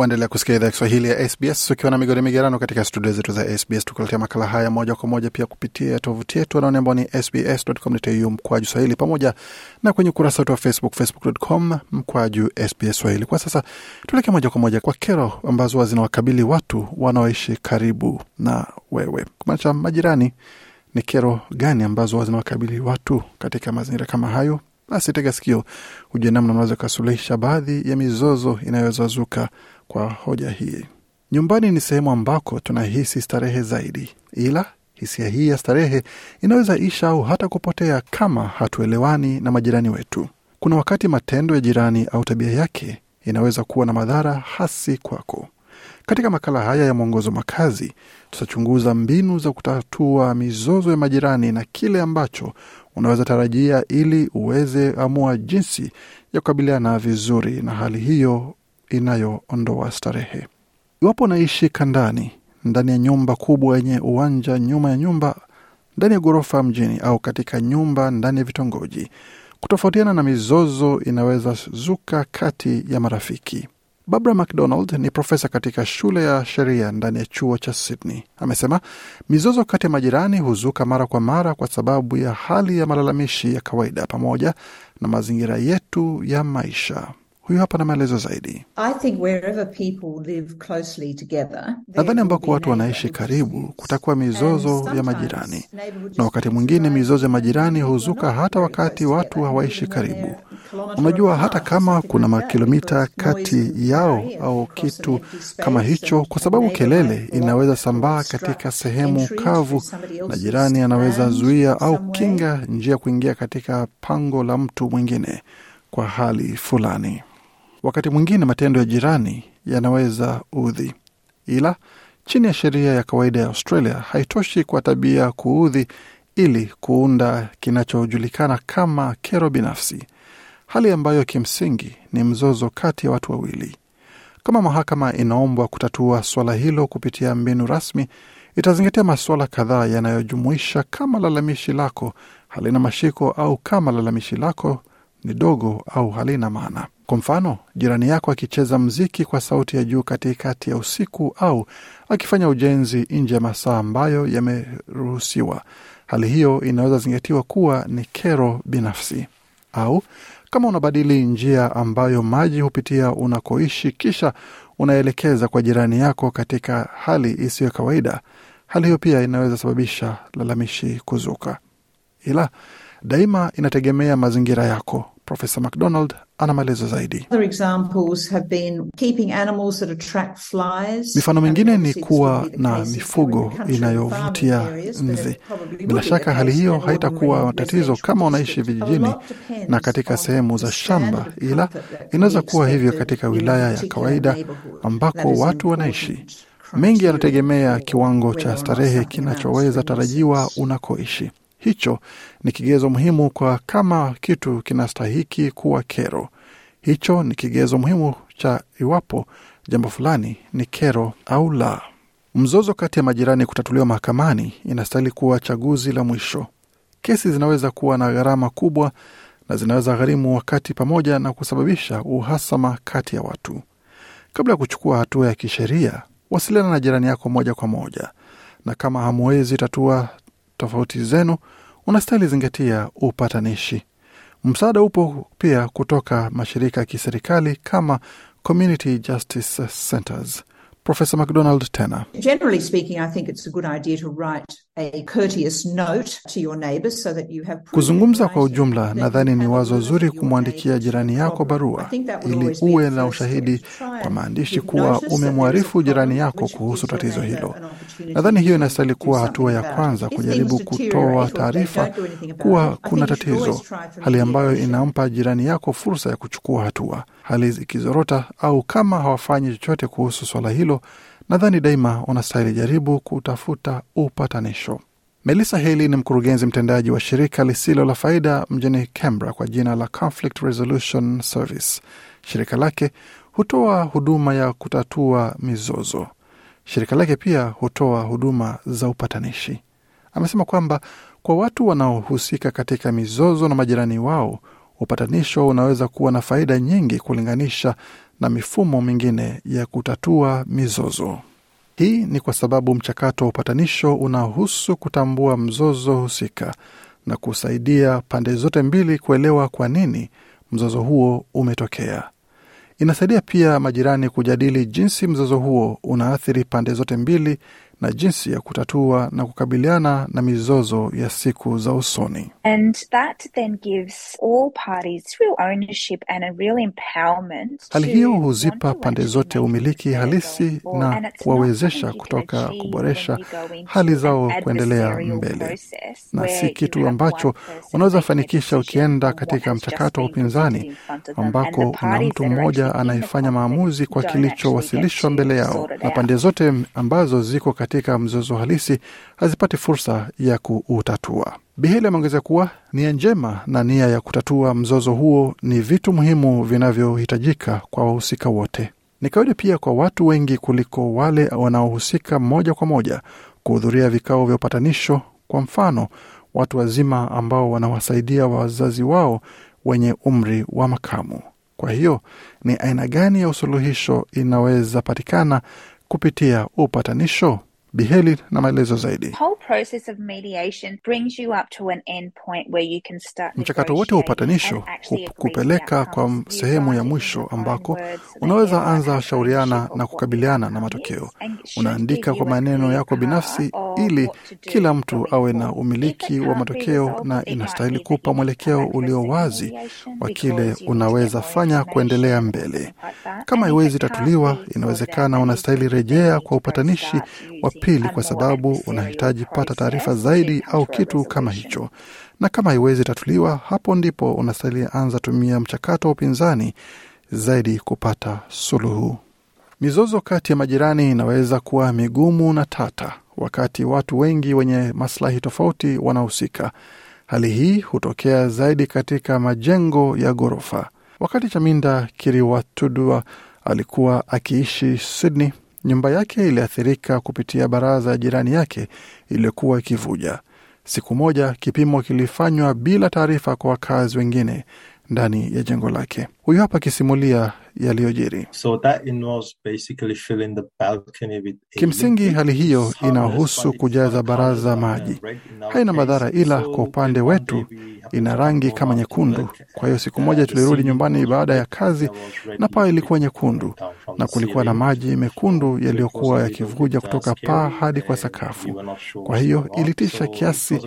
Waendelea kusikia idhaa ya Kiswahili ya SBS ukiwa na migodi migerano katika studio zetu za SBS, tukuletea makala haya moja kwa moja pia kupitia tovuti yetu anaone ambao ni sbs.com.au mkwaju swahili, pamoja na kwenye ukurasa wetu wa Facebook, facebook.com mkwaju SBS swahili. Kwa sasa tuelekee moja kwa moja kwa kero ambazo huwa zinawakabili watu wanaoishi karibu na wewe, kumaanisha majirani. Ni kero gani ambazo huwa zinawakabili watu katika mazingira kama hayo? Basi tega sikio, hujue namna unaweza ukasuluhisha baadhi ya mizozo inayowezazuka kwa hoja hii. Nyumbani ni sehemu ambako tunahisi starehe zaidi, ila hisia hii ya starehe inaweza isha au hata kupotea kama hatuelewani na majirani wetu. Kuna wakati matendo ya jirani au tabia yake inaweza kuwa na madhara hasi kwako. Katika makala haya ya mwongozo makazi, tutachunguza mbinu za kutatua mizozo ya majirani na kile ambacho unaweza tarajia ili uweze amua jinsi ya kukabiliana vizuri na hali hiyo inayoondoa starehe. Iwapo unaishi kandani, ndani ya nyumba kubwa yenye uwanja nyuma ya nyumba, ndani ya ghorofa mjini, au katika nyumba ndani ya vitongoji, kutofautiana na mizozo inaweza zuka kati ya marafiki. Barbara McDonald ni profesa katika shule ya sheria ndani ya chuo cha Sydney. Amesema mizozo kati ya majirani huzuka mara kwa mara kwa sababu ya hali ya malalamishi ya kawaida pamoja na mazingira yetu ya maisha. Huyu hapa na maelezo zaidi. Nadhani ambako watu wanaishi karibu, kutakuwa mizozo ya majirani, na wakati mwingine mizozo ya majirani huzuka hata wakati watu hawaishi karibu. Unajua, hata kama kuna makilomita kati yao au kitu kama hicho, kwa sababu kelele inaweza sambaa katika sehemu kavu, na jirani anaweza zuia au kinga njia kuingia katika pango la mtu mwingine kwa hali fulani. Wakati mwingine matendo ya jirani yanaweza udhi, ila chini ya sheria ya kawaida ya Australia haitoshi kwa tabia kuudhi ili kuunda kinachojulikana kama kero binafsi, hali ambayo kimsingi ni mzozo kati ya watu wawili. Kama mahakama inaombwa kutatua suala hilo kupitia mbinu rasmi, itazingatia masuala kadhaa yanayojumuisha kama lalamishi lako halina mashiko au kama lalamishi lako ni dogo au halina maana. Kwa mfano, jirani yako akicheza mziki kwa sauti ya juu katikati ya usiku au akifanya ujenzi nje ya masaa ambayo yameruhusiwa, hali hiyo inaweza zingatiwa kuwa ni kero binafsi. Au kama unabadili njia ambayo maji hupitia unakoishi, kisha unaelekeza kwa jirani yako katika hali isiyo kawaida, hali hiyo pia inaweza sababisha lalamishi kuzuka, ila daima inategemea mazingira yako. Profesa McDonald ana maelezo zaidi. Mifano mingine ni kuwa na mifugo inayovutia nzi. Bila shaka hali hiyo haitakuwa tatizo kama unaishi vijijini na katika sehemu za shamba, ila inaweza kuwa hivyo katika wilaya ya kawaida ambako watu wanaishi. Mengi yanategemea kiwango cha starehe kinachoweza tarajiwa unakoishi hicho ni kigezo muhimu kwa kama kitu kinastahiki kuwa kero. Hicho ni kigezo muhimu cha iwapo jambo fulani ni kero au la. Mzozo kati ya majirani kutatuliwa mahakamani inastahili kuwa chaguzi la mwisho. Kesi zinaweza kuwa na gharama kubwa na zinaweza gharimu wakati pamoja na kusababisha uhasama kati ya watu. Kabla ya kuchukua hatua ya kisheria, wasiliana na jirani yako moja kwa moja, na kama hamwezi tatua tofauti zenu, unastahili zingatia upatanishi. Msaada upo pia kutoka mashirika ya kiserikali kama Community Justice Centers. Profesa McDonald tena Kuzungumza kwa ujumla, nadhani ni wazo zuri kumwandikia jirani yako barua ili uwe na ushahidi kwa maandishi kuwa umemwarifu jirani yako kuhusu tatizo hilo. Nadhani hiyo inastahili kuwa hatua ya kwanza, kujaribu kutoa taarifa kuwa kuna tatizo, hali ambayo inampa jirani yako fursa ya kuchukua hatua. Hali ikizorota au kama hawafanyi chochote kuhusu swala hilo, Nadhani daima unastahili jaribu kutafuta upatanisho. Melissa Haley ni mkurugenzi mtendaji wa shirika lisilo la faida mjini Canberra kwa jina la Conflict Resolution Service. Shirika lake hutoa huduma ya kutatua mizozo. Shirika lake pia hutoa huduma za upatanishi. Amesema kwamba kwa watu wanaohusika katika mizozo na majirani wao, upatanisho unaweza kuwa na faida nyingi kulinganisha na mifumo mingine ya kutatua mizozo. Hii ni kwa sababu mchakato wa upatanisho unahusu kutambua mzozo husika na kusaidia pande zote mbili kuelewa kwa nini mzozo huo umetokea. Inasaidia pia majirani kujadili jinsi mzozo huo unaathiri pande zote mbili na jinsi ya kutatua na kukabiliana na mizozo ya siku za usoni. Really hali hiyo huzipa pande zote umiliki halisi na kuwawezesha kutoka kuboresha hali zao kuendelea mbele, na si kitu ambacho unaweza fanikisha ukienda katika mchakato wa upinzani ambako una mtu mmoja anayefanya maamuzi kwa kilichowasilishwa mbele yao na pande zote ambazo ziko katika mzozo halisi hazipati fursa ya kuutatua. Biheli ameongezea kuwa nia njema na nia ya kutatua mzozo huo ni vitu muhimu vinavyohitajika kwa wahusika wote. Ni kawaida pia kwa watu wengi kuliko wale wanaohusika moja kwa moja kuhudhuria vikao vya upatanisho. Kwa mfano, watu wazima ambao wanawasaidia wazazi wao wenye umri wa makamu. Kwa hiyo ni aina gani ya usuluhisho inaweza patikana kupitia upatanisho? Biheli na maelezo zaidi. Mchakato wote wa upatanisho hukupeleka kwa sehemu ya mwisho ambako unaweza anza shauriana na kukabiliana na matokeo. Unaandika kwa maneno yako binafsi ili kila mtu awe na umiliki wa matokeo na inastahili kupa mwelekeo ulio wazi wa kile unaweza fanya kuendelea mbele. Kama iwezi tatuliwa, inawezekana unastahili rejea kwa upatanishi wa pili, kwa sababu unahitaji pata taarifa zaidi au kitu kama hicho na kama haiwezi tatuliwa, hapo ndipo unastahili anza tumia mchakato wa upinzani zaidi kupata suluhu. Mizozo kati ya majirani inaweza kuwa migumu na tata wakati watu wengi wenye maslahi tofauti wanahusika. Hali hii hutokea zaidi katika majengo ya ghorofa. Wakati Chaminda Kiriwatudwa alikuwa akiishi Sydney, nyumba yake iliathirika kupitia baraza ya jirani yake iliyokuwa ikivuja. Siku moja, kipimo kilifanywa bila taarifa kwa wakazi wengine, ndani ya jengo lake. Huyu hapa akisimulia yaliyojiri. So kimsingi, hali hiyo inahusu kujaza baraza maji. Haina madhara, ila kwa upande wetu ina rangi kama nyekundu. Kwa hiyo siku moja tulirudi nyumbani baada ya kazi na paa ilikuwa nyekundu na kulikuwa na maji mekundu yaliyokuwa yakivuja kutoka paa hadi kwa sakafu. Kwa hiyo ilitisha kiasi,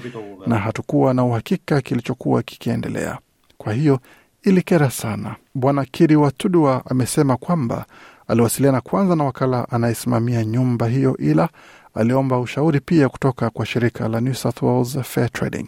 na hatukuwa na uhakika kilichokuwa kikiendelea. Kwa hiyo ilikera sana. Bwana Kiri Watudua amesema kwamba aliwasiliana kwanza na wakala anayesimamia nyumba hiyo, ila aliomba ushauri pia kutoka kwa shirika la New South Wales Fair Trading.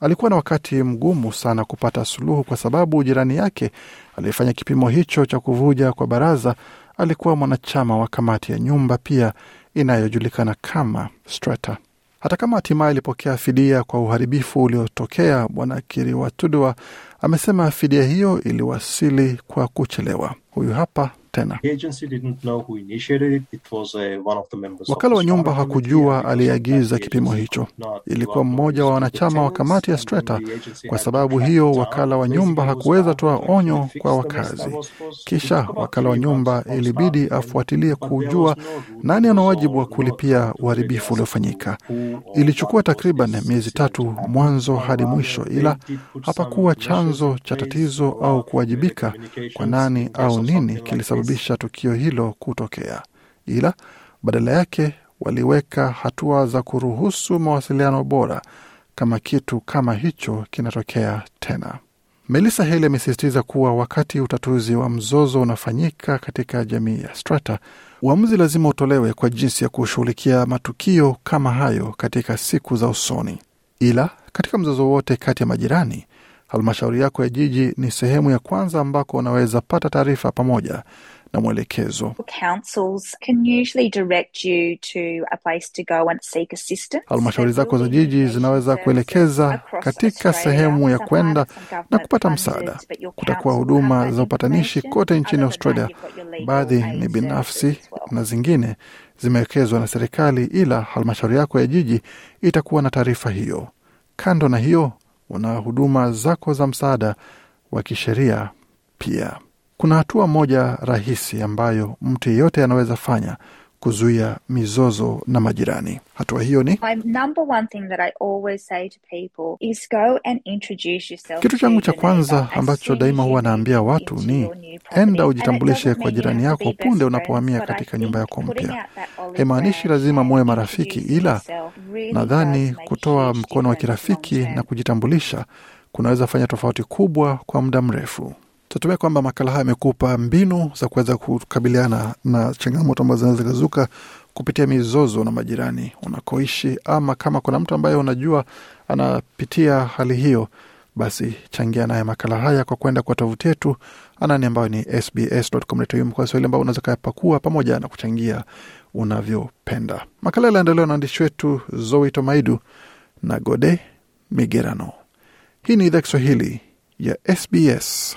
Alikuwa na wakati mgumu sana kupata suluhu, kwa sababu jirani yake aliyefanya kipimo hicho cha kuvuja kwa baraza alikuwa mwanachama wa kamati ya nyumba pia inayojulikana kama strata hata kama hatimaye alipokea fidia kwa uharibifu uliotokea. Bwana Kiriwatudwa amesema fidia hiyo iliwasili kwa kuchelewa. Huyu hapa tena. Uh, wakala wa nyumba hakujua aliyeagiza kipimo hicho, ilikuwa mmoja wa wanachama wa kamati ya Streta. Kwa sababu hiyo, wakala wa nyumba hakuweza toa onyo kwa wakazi. Kisha wakala wa nyumba ilibidi afuatilie kujua nani ana wajibu wa kulipia uharibifu uliofanyika. Ilichukua takriban miezi tatu mwanzo hadi mwisho, ila hapakuwa chanzo cha tatizo au kuwajibika kwa nani au nini kilisababisha kusababisha tukio hilo kutokea, ila badala yake waliweka hatua za kuruhusu mawasiliano bora kama kitu kama hicho kinatokea tena. Melissa Hale amesisitiza kuwa wakati utatuzi wa mzozo unafanyika katika jamii ya strata, uamuzi lazima utolewe kwa jinsi ya kushughulikia matukio kama hayo katika siku za usoni. Ila katika mzozo wote kati ya majirani, Halmashauri yako ya jiji ni sehemu ya kwanza ambako unaweza pata taarifa pamoja na mwelekezo. Halmashauri zako za jiji zinaweza kuelekeza katika sehemu ya kwenda na kupata msaada. Kutakuwa huduma za upatanishi kote nchini Australia. Baadhi ni binafsi na zingine zimewekezwa na serikali, ila halmashauri yako ya jiji itakuwa na taarifa hiyo. Kando na hiyo wana huduma zako za msaada wa kisheria pia. Kuna hatua moja rahisi ambayo mtu yeyote anaweza fanya kuzuia mizozo na majirani. Hatua hiyo ni kitu changu cha kwanza ambacho daima huwa naambia watu ni enda ujitambulishe kwa jirani yako punde unapohamia katika nyumba yako mpya. Haimaanishi lazima muwe marafiki, ila nadhani kutoa mkono wa kirafiki na kujitambulisha kunaweza fanya tofauti kubwa kwa muda mrefu tatumia kwamba makala haya amekupa mbinu za kuweza kukabiliana na changamoto ambazo zinaweza zikazuka kupitia mizozo na majirani unakoishi, ama kama kuna mtu ambaye unajua anapitia hali hiyo, basi changia naye makala haya kwa kwenda kwa tovuti yetu anani ambayo ni sbs.com.au Swahili, ambao unaweza kayapakua pamoja na kuchangia unavyopenda. Makala yaliandaliwa na waandishi wetu zoi Tomaidu na Gode Migerano. Hii ni idhaa Kiswahili ya SBS.